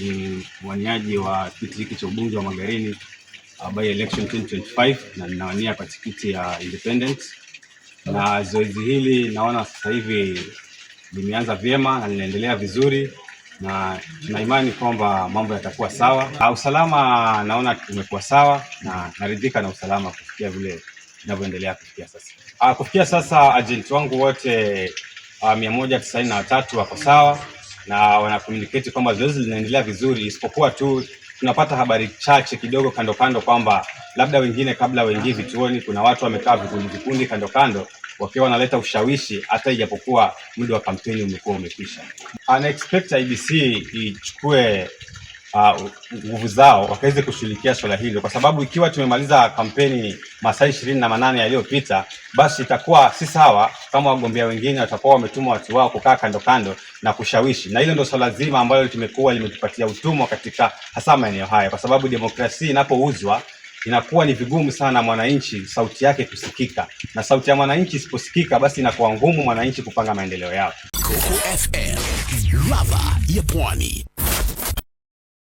ni mwaniaji wa kiti hiki cha ubunge wa Magarini uh, by election 2025 na ninawania kwa tikiti ya independent, na zoezi hili naona sasa hivi limeanza vyema na linaendelea vizuri, na tuna imani kwamba mambo yatakuwa sawa. Usalama naona umekuwa sawa na naridhika na usalama kufikia vile inavyoendelea kufikia sasa. Uh, kufikia sasa ajenti wangu wote uh, mia moja tisaini na watatu wako sawa na wanakomuniketi kwamba zoezi linaendelea vizuri, isipokuwa tu tunapata habari chache kidogo kando kando kwamba labda wengine kabla waingie vituoni, kuna watu wamekaa vikundi vikundi kando kando wakiwa wanaleta ushawishi, hata ijapokuwa muda wa kampeni umekuwa umekwisha. Ana expect ichukue Uh, nguvu uh, zao wakaweze kushughulikia swala hilo, kwa sababu ikiwa tumemaliza kampeni masaa ishirini na manane yaliyopita, basi itakuwa si sawa kama wagombea wengine watakuwa wametuma watu wao kukaa kando kando na kushawishi, na hilo ndio swala zima ambalo tumekuwa limetupatia utumwa katika hasa maeneo haya, kwa sababu demokrasia inapouzwa inakuwa ni vigumu sana mwananchi sauti yake kusikika, na sauti ya mwananchi isiposikika, basi inakuwa ngumu mwananchi kupanga maendeleo yao. Coco FM, ladha ya Pwani.